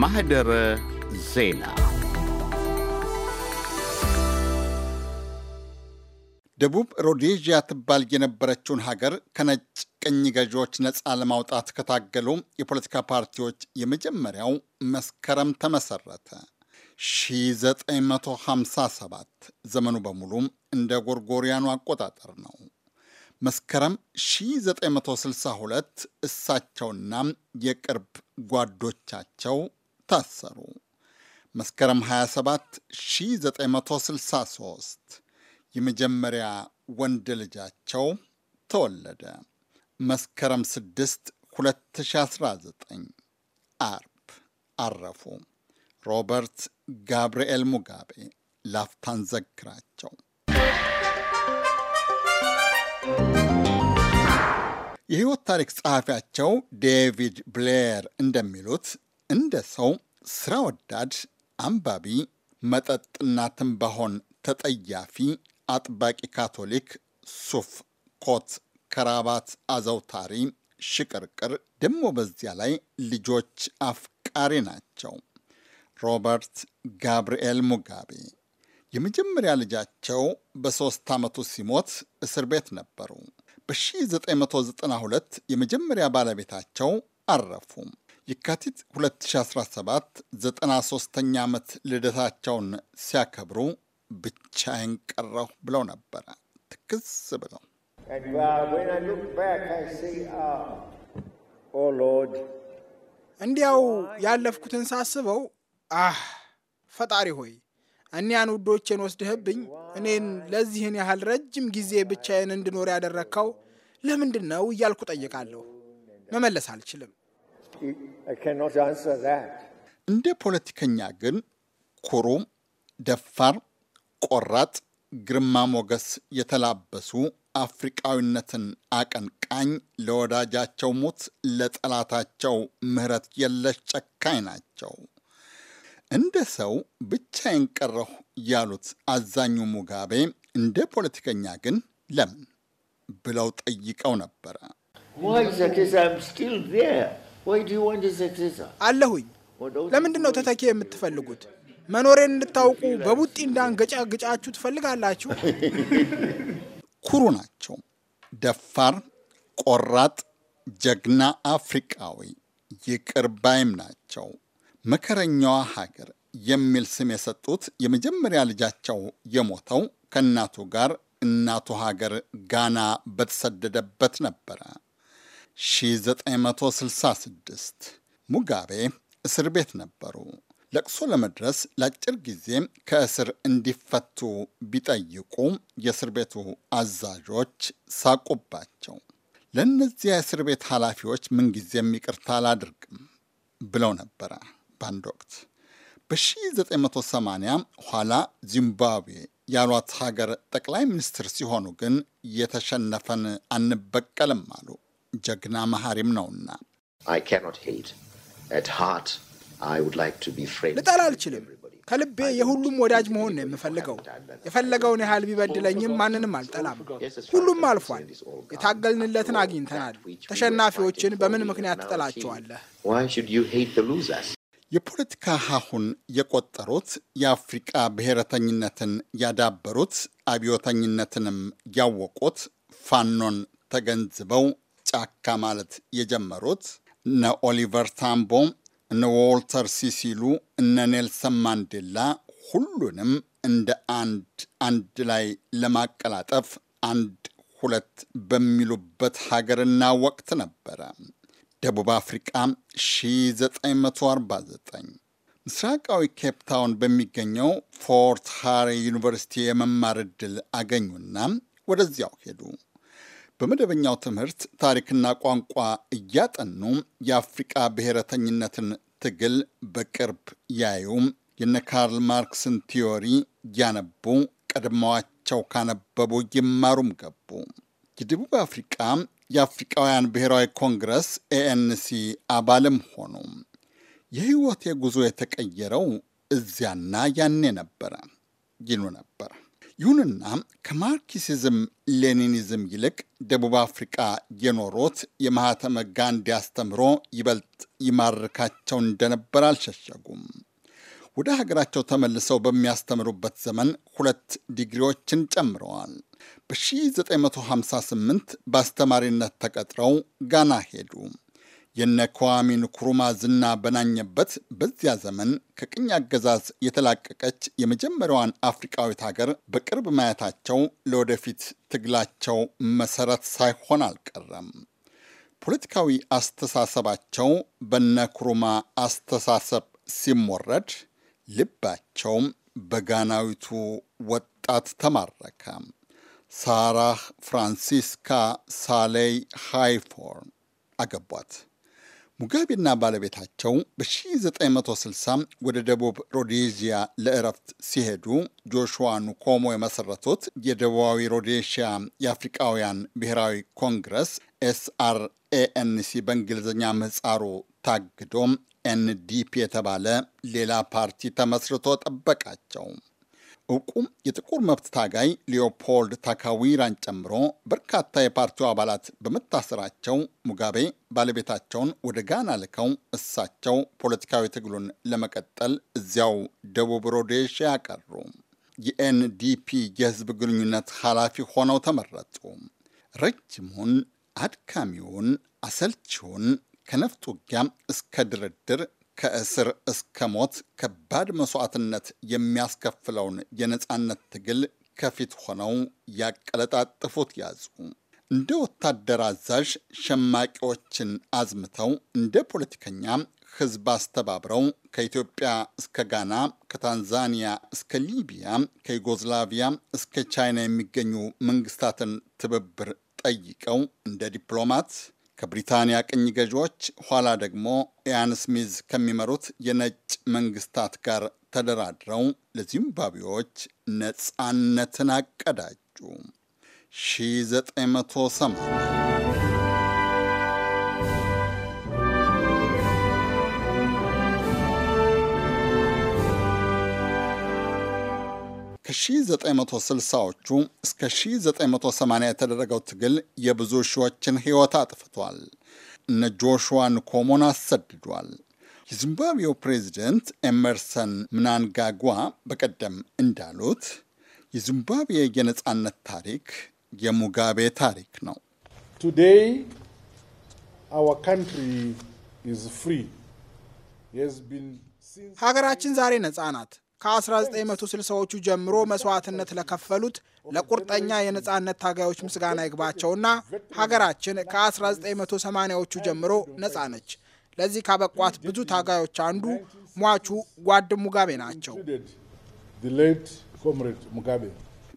ማህደረ ዜና ደቡብ ሮዴዥያ ትባል የነበረችውን ሀገር ከነጭ ቅኝ ገዢዎች ነፃ ለማውጣት ከታገሉ የፖለቲካ ፓርቲዎች የመጀመሪያው መስከረም ተመሰረተ። 1957 ዘመኑ በሙሉ እንደ ጎርጎሪያኑ አቆጣጠር ነው። መስከረም 1962 እሳቸውና የቅርብ ጓዶቻቸው ታሰሩ። መስከረም 27 1963 የመጀመሪያ ወንድ ልጃቸው ተወለደ። መስከረም 6 2019 አርብ አረፉ። ሮበርት ጋብርኤል ሙጋቤ ላፍታን ዘክራቸው። የህይወት ታሪክ ጸሐፊያቸው ዴቪድ ብሌር እንደሚሉት እንደ ሰው ስራ ወዳድ፣ አንባቢ፣ መጠጥና ትንባሆን ተጠያፊ፣ አጥባቂ ካቶሊክ፣ ሱፍ፣ ኮት፣ ከራባት አዘውታሪ፣ ሽቅርቅር ደግሞ በዚያ ላይ ልጆች አፍቃሪ ናቸው። ሮበርት ጋብርኤል ሙጋቤ የመጀመሪያ ልጃቸው በሦስት ዓመቱ ሲሞት እስር ቤት ነበሩ። በ1992 የመጀመሪያ ባለቤታቸው አረፉ። የካቲት 2017 93ኛ ዓመት ልደታቸውን ሲያከብሩ ብቻዬን ቀረሁ ብለው ነበረ። ትክስ ብለው እንዲያው ያለፍኩትን ሳስበው አህ ፈጣሪ ሆይ እኒያን ውዶቼን ወስድህብኝ እኔን ለዚህን ያህል ረጅም ጊዜ ብቻዬን እንድኖር ያደረግከው ለምንድን ነው እያልኩ ጠይቃለሁ። መመለስ አልችልም። እንደ ፖለቲከኛ ግን ኩሩ፣ ደፋር፣ ቆራጥ፣ ግርማ ሞገስ የተላበሱ አፍሪቃዊነትን አቀንቃኝ ለወዳጃቸው ሞት ለጠላታቸው ምሕረት የለሽ ጨካኝ ናቸው። እንደ ሰው ብቻዬን ቀረሁ ያሉት አዛኙ ሙጋቤ እንደ ፖለቲከኛ ግን ለምን ብለው ጠይቀው ነበረ። አለሁኝ። ለምንድን ነው ተተኪ የምትፈልጉት? መኖሬን እንድታውቁ በቡጢ እንዳንገጫ ግጫችሁ ትፈልጋላችሁ? ኩሩ ናቸው። ደፋር፣ ቆራጥ፣ ጀግና አፍሪቃዊ ይቅር ባይም ናቸው። መከረኛዋ ሀገር የሚል ስም የሰጡት የመጀመሪያ ልጃቸው የሞተው ከእናቱ ጋር እናቱ ሀገር ጋና በተሰደደበት ነበረ። 1966 ሙጋቤ እስር ቤት ነበሩ። ለቅሶ ለመድረስ ለአጭር ጊዜ ከእስር እንዲፈቱ ቢጠይቁ የእስር ቤቱ አዛዦች ሳቁባቸው። ለእነዚያ የእስር ቤት ኃላፊዎች ምንጊዜም ይቅርታ አላድርግም ብለው ነበረ። በአንድ ወቅት በ1980 ኋላ ዚምባብዌ ያሏት ሀገር ጠቅላይ ሚኒስትር ሲሆኑ ግን የተሸነፈን አንበቀልም አሉ። ጀግና መሐሪም ነውና ልጠላ አልችልም። ከልቤ የሁሉም ወዳጅ መሆን ነው የምፈልገው። የፈለገውን ያህል ቢበድለኝም ማንንም አልጠላም። ሁሉም አልፏል። የታገልንለትን አግኝተናል። ተሸናፊዎችን በምን ምክንያት ትጠላቸዋለህ? የፖለቲካ ሀሁን የቆጠሩት የአፍሪቃ ብሔረተኝነትን ያዳበሩት አብዮተኝነትንም ያወቁት ፋኖን ተገንዝበው ጫካ ማለት የጀመሩት እነ ኦሊቨር ታምቦ፣ እነ ዎልተር ሲሲሉ፣ እነ ኔልሰን ማንዴላ ሁሉንም እንደ አንድ አንድ ላይ ለማቀላጠፍ አንድ ሁለት በሚሉበት ሀገርና ወቅት ነበረ። ደቡብ አፍሪቃ 1949 ምስራቃዊ ኬፕታውን በሚገኘው ፎርት ሃሪ ዩኒቨርሲቲ የመማር ዕድል አገኙና ወደዚያው ሄዱ። በመደበኛው ትምህርት ታሪክና ቋንቋ እያጠኑ የአፍሪቃ ብሔረተኝነትን ትግል በቅርብ ያዩ የነ ካርል ማርክስን ቲዮሪ ያነቡ ቀድመዋቸው ካነበቡ ይማሩም ገቡ። የደቡብ አፍሪቃ የአፍሪቃውያን ብሔራዊ ኮንግረስ ኤኤንሲ አባልም ሆኑ። የህይወት የጉዞ የተቀየረው እዚያና ያኔ ነበረ ይሉ ነበር። ይሁንና ከማርክሲዝም ሌኒኒዝም ይልቅ ደቡብ አፍሪቃ የኖሮት የማህተመ ጋንዲ አስተምሮ ይበልጥ ይማርካቸው እንደነበር አልሸሸጉም። ወደ ሀገራቸው ተመልሰው በሚያስተምሩበት ዘመን ሁለት ዲግሪዎችን ጨምረዋል። በ1958 በአስተማሪነት ተቀጥረው ጋና ሄዱ። የነ ከዋሚን ንኩሩማ ዝና በናኘበት በዚያ ዘመን ከቅኝ አገዛዝ የተላቀቀች የመጀመሪያዋን አፍሪቃዊት ሀገር በቅርብ ማየታቸው ለወደፊት ትግላቸው መሰረት ሳይሆን አልቀረም። ፖለቲካዊ አስተሳሰባቸው በነ ኩሩማ አስተሳሰብ ሲሞረድ፣ ልባቸውም በጋናዊቱ ወጣት ተማረከ። ሳራህ ፍራንሲስካ ሳሌይ ሃይፎር አገቧት። ሙጋቤና ባለቤታቸው በ1960 ወደ ደቡብ ሮዴዥያ ለእረፍት ሲሄዱ ጆሹዋ ኑኮሞ የመሰረቱት የደቡባዊ ሮዴሽያ የአፍሪቃውያን ብሔራዊ ኮንግረስ ኤስአርኤኤንሲ በእንግሊዝኛ ምህፃሩ ታግዶ ኤንዲፒ የተባለ ሌላ ፓርቲ ተመስርቶ ጠበቃቸው። እውቁ የጥቁር መብት ታጋይ ሊዮፖልድ ታካዊራን ጨምሮ በርካታ የፓርቲው አባላት በመታሰራቸው ሙጋቤ ባለቤታቸውን ወደ ጋና ልከው እሳቸው ፖለቲካዊ ትግሉን ለመቀጠል እዚያው ደቡብ ሮዴሽያ ያቀሩ። የኤንዲፒ የህዝብ ግንኙነት ኃላፊ ሆነው ተመረጡ። ረጅሙን አድካሚውን፣ አሰልቺውን ከነፍጥ ውጊያ እስከ ድርድር ከእስር እስከ ሞት ከባድ መስዋዕትነት የሚያስከፍለውን የነፃነት ትግል ከፊት ሆነው ያቀለጣጥፉት ያዙ። እንደ ወታደር አዛዥ ሸማቂዎችን አዝምተው እንደ ፖለቲከኛ ህዝብ አስተባብረው ከኢትዮጵያ እስከ ጋና፣ ከታንዛኒያ እስከ ሊቢያ፣ ከዩጎዝላቪያ እስከ ቻይና የሚገኙ መንግስታትን ትብብር ጠይቀው እንደ ዲፕሎማት ከብሪታንያ ቅኝ ገዢዎች ኋላ ደግሞ ኢያን ስሚዝ ከሚመሩት የነጭ መንግስታት ጋር ተደራድረው ለዚምባብዌዎች ነፃነትን አቀዳጁ 1980 ከ1960ዎቹ እስከ 1980 የተደረገው ትግል የብዙ ሺዎችን ሕይወት አጥፍቷል። እነ ጆሹዋ ንኮሞን አሰድዷል። የዚምባብዌው ፕሬዚደንት ኤመርሰን ምናንጋጓ በቀደም እንዳሉት የዚምባብዌ የነፃነት ታሪክ የሙጋቤ ታሪክ ነው። ቱዴይ ካንትሪ ሀገራችን ዛሬ ነፃ ናት። ከ1960ዎቹ ጀምሮ መስዋዕትነት ለከፈሉት ለቁርጠኛ የነፃነት ታጋዮች ምስጋና ይግባቸውና ሀገራችን ከ1980ዎቹ ጀምሮ ነፃ ነች። ለዚህ ካበቋት ብዙ ታጋዮች አንዱ ሟቹ ጓድ ሙጋቤ ናቸው።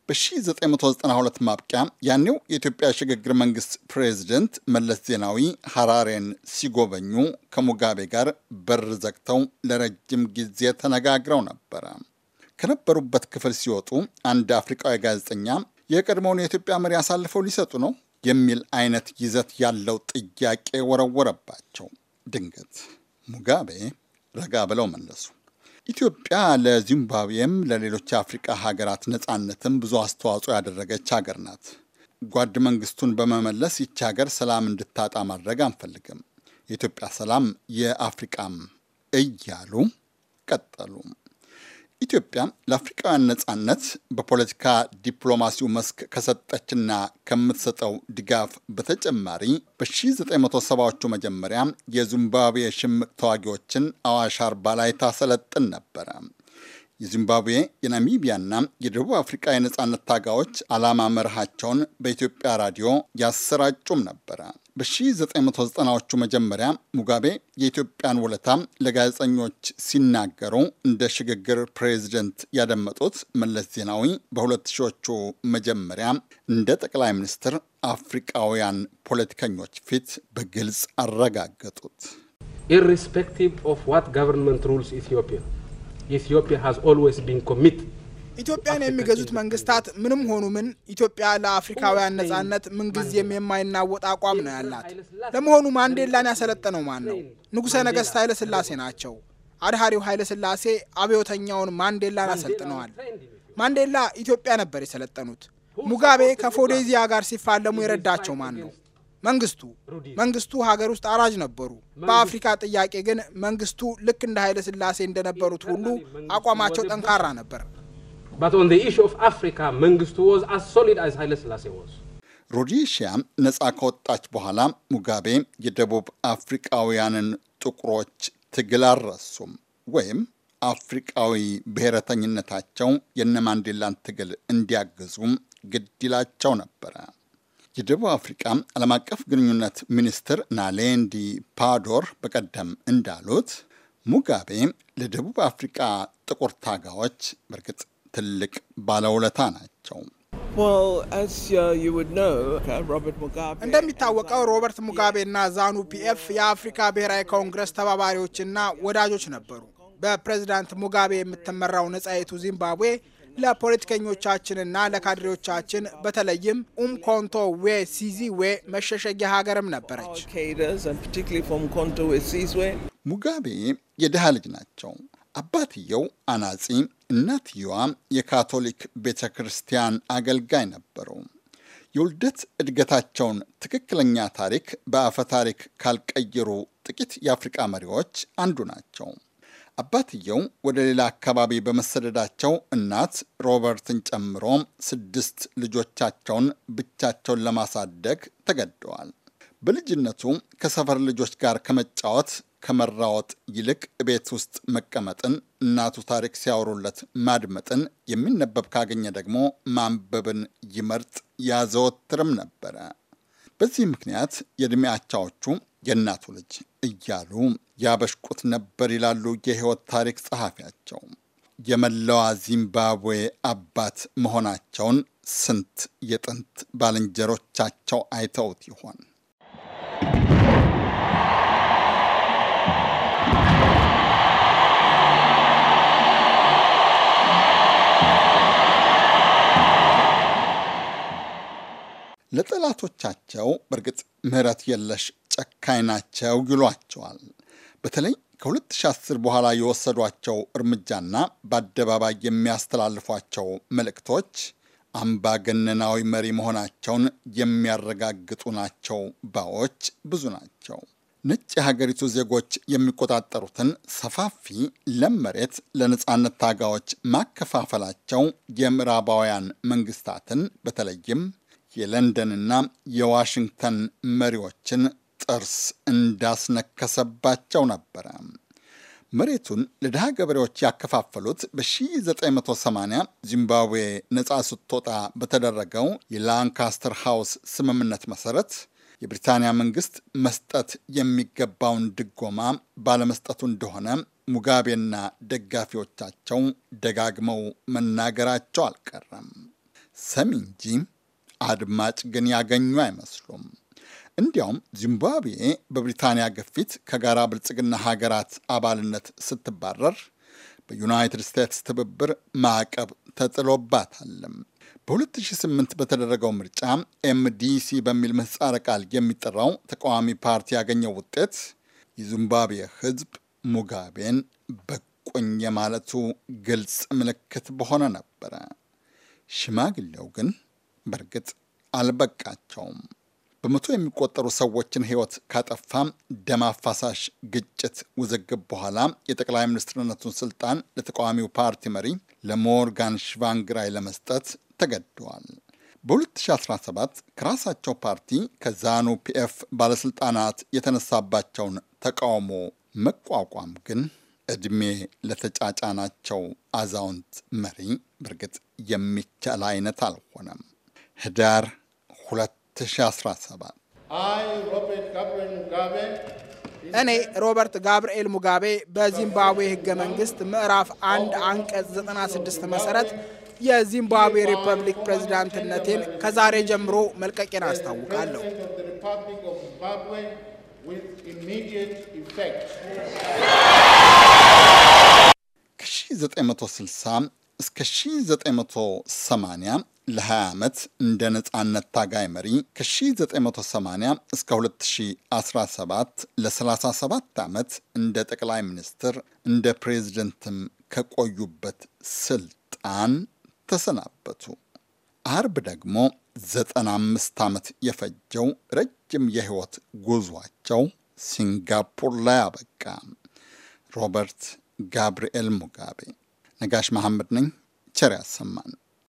በ1992 ማብቂያ ያኔው የኢትዮጵያ ሽግግር መንግስት ፕሬዚደንት መለስ ዜናዊ ሐራሬን ሲጎበኙ ከሙጋቤ ጋር በር ዘግተው ለረጅም ጊዜ ተነጋግረው ነበረ። ከነበሩበት ክፍል ሲወጡ አንድ አፍሪቃዊ ጋዜጠኛ የቀድሞውን የኢትዮጵያ መሪ አሳልፈው ሊሰጡ ነው የሚል አይነት ይዘት ያለው ጥያቄ ወረወረባቸው። ድንገት ሙጋቤ ረጋ ብለው መለሱ። ኢትዮጵያ ለዚምባብዌም ለሌሎች የአፍሪቃ ሀገራት ነጻነትም ብዙ አስተዋጽኦ ያደረገች ሀገር ናት። ጓድ መንግስቱን በመመለስ ይቺ ሀገር ሰላም እንድታጣ ማድረግ አንፈልግም። የኢትዮጵያ ሰላም የአፍሪቃም እያሉ ቀጠሉ። ኢትዮጵያ ለአፍሪካውያን ነጻነት በፖለቲካ ዲፕሎማሲው መስክ ከሰጠችና ከምትሰጠው ድጋፍ በተጨማሪ በ1970ዎቹ መጀመሪያ የዚምባብዌ ሽምቅ ተዋጊዎችን አዋሽ አርባ ላይ ታሰለጥን ነበረ። የዚምባብዌ የናሚቢያና የደቡብ አፍሪካ የነጻነት ታጋዮች ዓላማ መርሃቸውን በኢትዮጵያ ራዲዮ ያሰራጩም ነበረ። በ1990ዎቹ መጀመሪያ ሙጋቤ የኢትዮጵያን ውለታ ለጋዜጠኞች ሲናገሩ እንደ ሽግግር ፕሬዚደንት ያደመጡት መለስ ዜናዊ በ2000ዎቹ መጀመሪያ እንደ ጠቅላይ ሚኒስትር አፍሪቃውያን ፖለቲከኞች ፊት በግልጽ አረጋገጡት። ኢሪስፔክቲቭ ኦፍ ዋት ጋቨርንመንት ሩልስ ኢትዮጵያ ኢትዮጵያ ሃዝ ኦልዌይስ ቢን ኮሚትድ ኢትዮጵያን የሚገዙት መንግስታት ምንም ሆኑ ምን ኢትዮጵያ ለአፍሪካውያን ነጻነት ምንጊዜም የማይናወጥ አቋም ነው ያላት። ለመሆኑ ማንዴላን ያሰለጠነው ማን ነው? ንጉሠ ነገሥት ኃይለ ሥላሴ ናቸው። አድሃሪው ኃይለ ሥላሴ አብዮተኛውን ማንዴላን አሰልጥነዋል። ማንዴላ ኢትዮጵያ ነበር የሰለጠኑት። ሙጋቤ ከፎዴዚያ ጋር ሲፋለሙ የረዳቸው ማን ነው? መንግስቱ መንግስቱ ሀገር ውስጥ አራጅ ነበሩ። በአፍሪካ ጥያቄ ግን መንግስቱ ልክ እንደ ኃይለ ሥላሴ እንደነበሩት ሁሉ አቋማቸው ጠንካራ ነበር። but on the issue of Africa, Mengistu was as solid as Haile Selassie was. ሮዲሺያ ነጻ ከወጣች በኋላ ሙጋቤ የደቡብ አፍሪቃውያንን ጥቁሮች ትግል አልረሱም ወይም አፍሪቃዊ ብሔረተኝነታቸው የነ ማንዴላን ትግል እንዲያግዙ ግድ ይላቸው ነበረ። የደቡብ አፍሪቃ ዓለም አቀፍ ግንኙነት ሚኒስትር ናሌንዲ ፓዶር በቀደም እንዳሉት ሙጋቤ ለደቡብ አፍሪቃ ጥቁር ታጋዎች በእርግጥ ትልቅ ባለውለታ ናቸው። uh, uh, እንደሚታወቀው ሮበርት ሙጋቤና ዛኑ ፒኤፍ የአፍሪካ ብሔራዊ ኮንግረስ ተባባሪዎችና ወዳጆች ነበሩ። በፕሬዝዳንት ሙጋቤ የምትመራው ነጻይቱ ዚምባብዌ ለፖለቲከኞቻችንና ለካድሬዎቻችን በተለይም ኡምኮንቶ ዌ ሲዚዌ መሸሸጊያ ሀገርም ነበረች። ሙጋቤ የድሃ ልጅ ናቸው። አባትየው አናጺ፣ እናትየዋ የካቶሊክ ቤተ ክርስቲያን አገልጋይ ነበሩ። የውልደት እድገታቸውን ትክክለኛ ታሪክ በአፈ ታሪክ ካልቀየሩ ጥቂት የአፍሪቃ መሪዎች አንዱ ናቸው። አባትየው ወደ ሌላ አካባቢ በመሰደዳቸው እናት ሮበርትን ጨምሮ ስድስት ልጆቻቸውን ብቻቸውን ለማሳደግ ተገደዋል። በልጅነቱ ከሰፈር ልጆች ጋር ከመጫወት ከመራወጥ ይልቅ ቤት ውስጥ መቀመጥን፣ እናቱ ታሪክ ሲያወሩለት ማድመጥን፣ የሚነበብ ካገኘ ደግሞ ማንበብን ይመርጥ ያዘወትርም ነበረ። በዚህ ምክንያት የዕድሜ አቻዎቹ የእናቱ ልጅ እያሉ ያበሽቁት ነበር ይላሉ የህይወት ታሪክ ጸሐፊያቸው። የመላዋ ዚምባብዌ አባት መሆናቸውን ስንት የጥንት ባልንጀሮቻቸው አይተውት ይሆን? ለጠላቶቻቸው በእርግጥ ምህረት የለሽ ጨካኝ ናቸው ይሏቸዋል። በተለይ ከ2010 በኋላ የወሰዷቸው እርምጃና በአደባባይ የሚያስተላልፏቸው መልእክቶች አምባገነናዊ መሪ መሆናቸውን የሚያረጋግጡ ናቸው ባዎች ብዙ ናቸው። ነጭ የሀገሪቱ ዜጎች የሚቆጣጠሩትን ሰፋፊ ለም መሬት ለነፃነት ታጋዎች ማከፋፈላቸው የምዕራባውያን መንግስታትን በተለይም የለንደንና የዋሽንግተን መሪዎችን ጥርስ እንዳስነከሰባቸው ነበረ። መሬቱን ለድሃ ገበሬዎች ያከፋፈሉት በ1980 ዚምባብዌ ነፃ ስትወጣ በተደረገው የላንካስተር ሃውስ ስምምነት መሰረት የብሪታንያ መንግስት መስጠት የሚገባውን ድጎማ ባለመስጠቱ እንደሆነ ሙጋቤና ደጋፊዎቻቸው ደጋግመው መናገራቸው አልቀረም። ሰሚ እንጂ አድማጭ ግን ያገኙ አይመስሉም። እንዲያውም ዚምባብዌ በብሪታንያ ግፊት ከጋራ ብልጽግና ሀገራት አባልነት ስትባረር በዩናይትድ ስቴትስ ትብብር ማዕቀብ ተጥሎባታልም። በ2008 በተደረገው ምርጫ ኤምዲሲ በሚል ምህጻረ ቃል የሚጠራው ተቃዋሚ ፓርቲ ያገኘው ውጤት የዚምባብዌ ሕዝብ ሙጋቤን በቁኝ የማለቱ ግልጽ ምልክት በሆነ ነበረ። ሽማግሌው ግን በእርግጥ አልበቃቸውም። በመቶ የሚቆጠሩ ሰዎችን ሕይወት ካጠፋ ደም አፋሳሽ ግጭት ውዝግብ በኋላ የጠቅላይ ሚኒስትርነቱን ስልጣን ለተቃዋሚው ፓርቲ መሪ ለሞርጋን ሽቫንግራይ ለመስጠት ተገደዋል። በ2017 ከራሳቸው ፓርቲ ከዛኑ ፒኤፍ ባለስልጣናት የተነሳባቸውን ተቃውሞ መቋቋም ግን እድሜ ለተጫጫናቸው አዛውንት መሪ በእርግጥ የሚቻል አይነት አልሆነም። ህዳር 2017 እኔ ሮበርት ጋብርኤል ሙጋቤ በዚምባብዌ ህገ መንግስት ምዕራፍ አንድ አንቀጽ 96 መሰረት የዚምባብዌ ሪፐብሊክ ፕሬዚዳንትነቴን ከዛሬ ጀምሮ መልቀቄን አስታውቃለሁ። ከ1960 እስከ 1980 ለ20 ዓመት እንደ ነፃነት ታጋይ መሪ ከ1980 እስከ 2017 ለ37 ዓመት እንደ ጠቅላይ ሚኒስትር እንደ ፕሬዝደንትም ከቆዩበት ስልጣን ተሰናበቱ። አርብ ደግሞ 95 ዓመት የፈጀው ረጅም የህይወት ጉዟቸው ሲንጋፖር ላይ አበቃ። ሮበርት ጋብርኤል ሙጋቤ። ነጋሽ መሐመድ ነኝ። ቸር ያሰማን።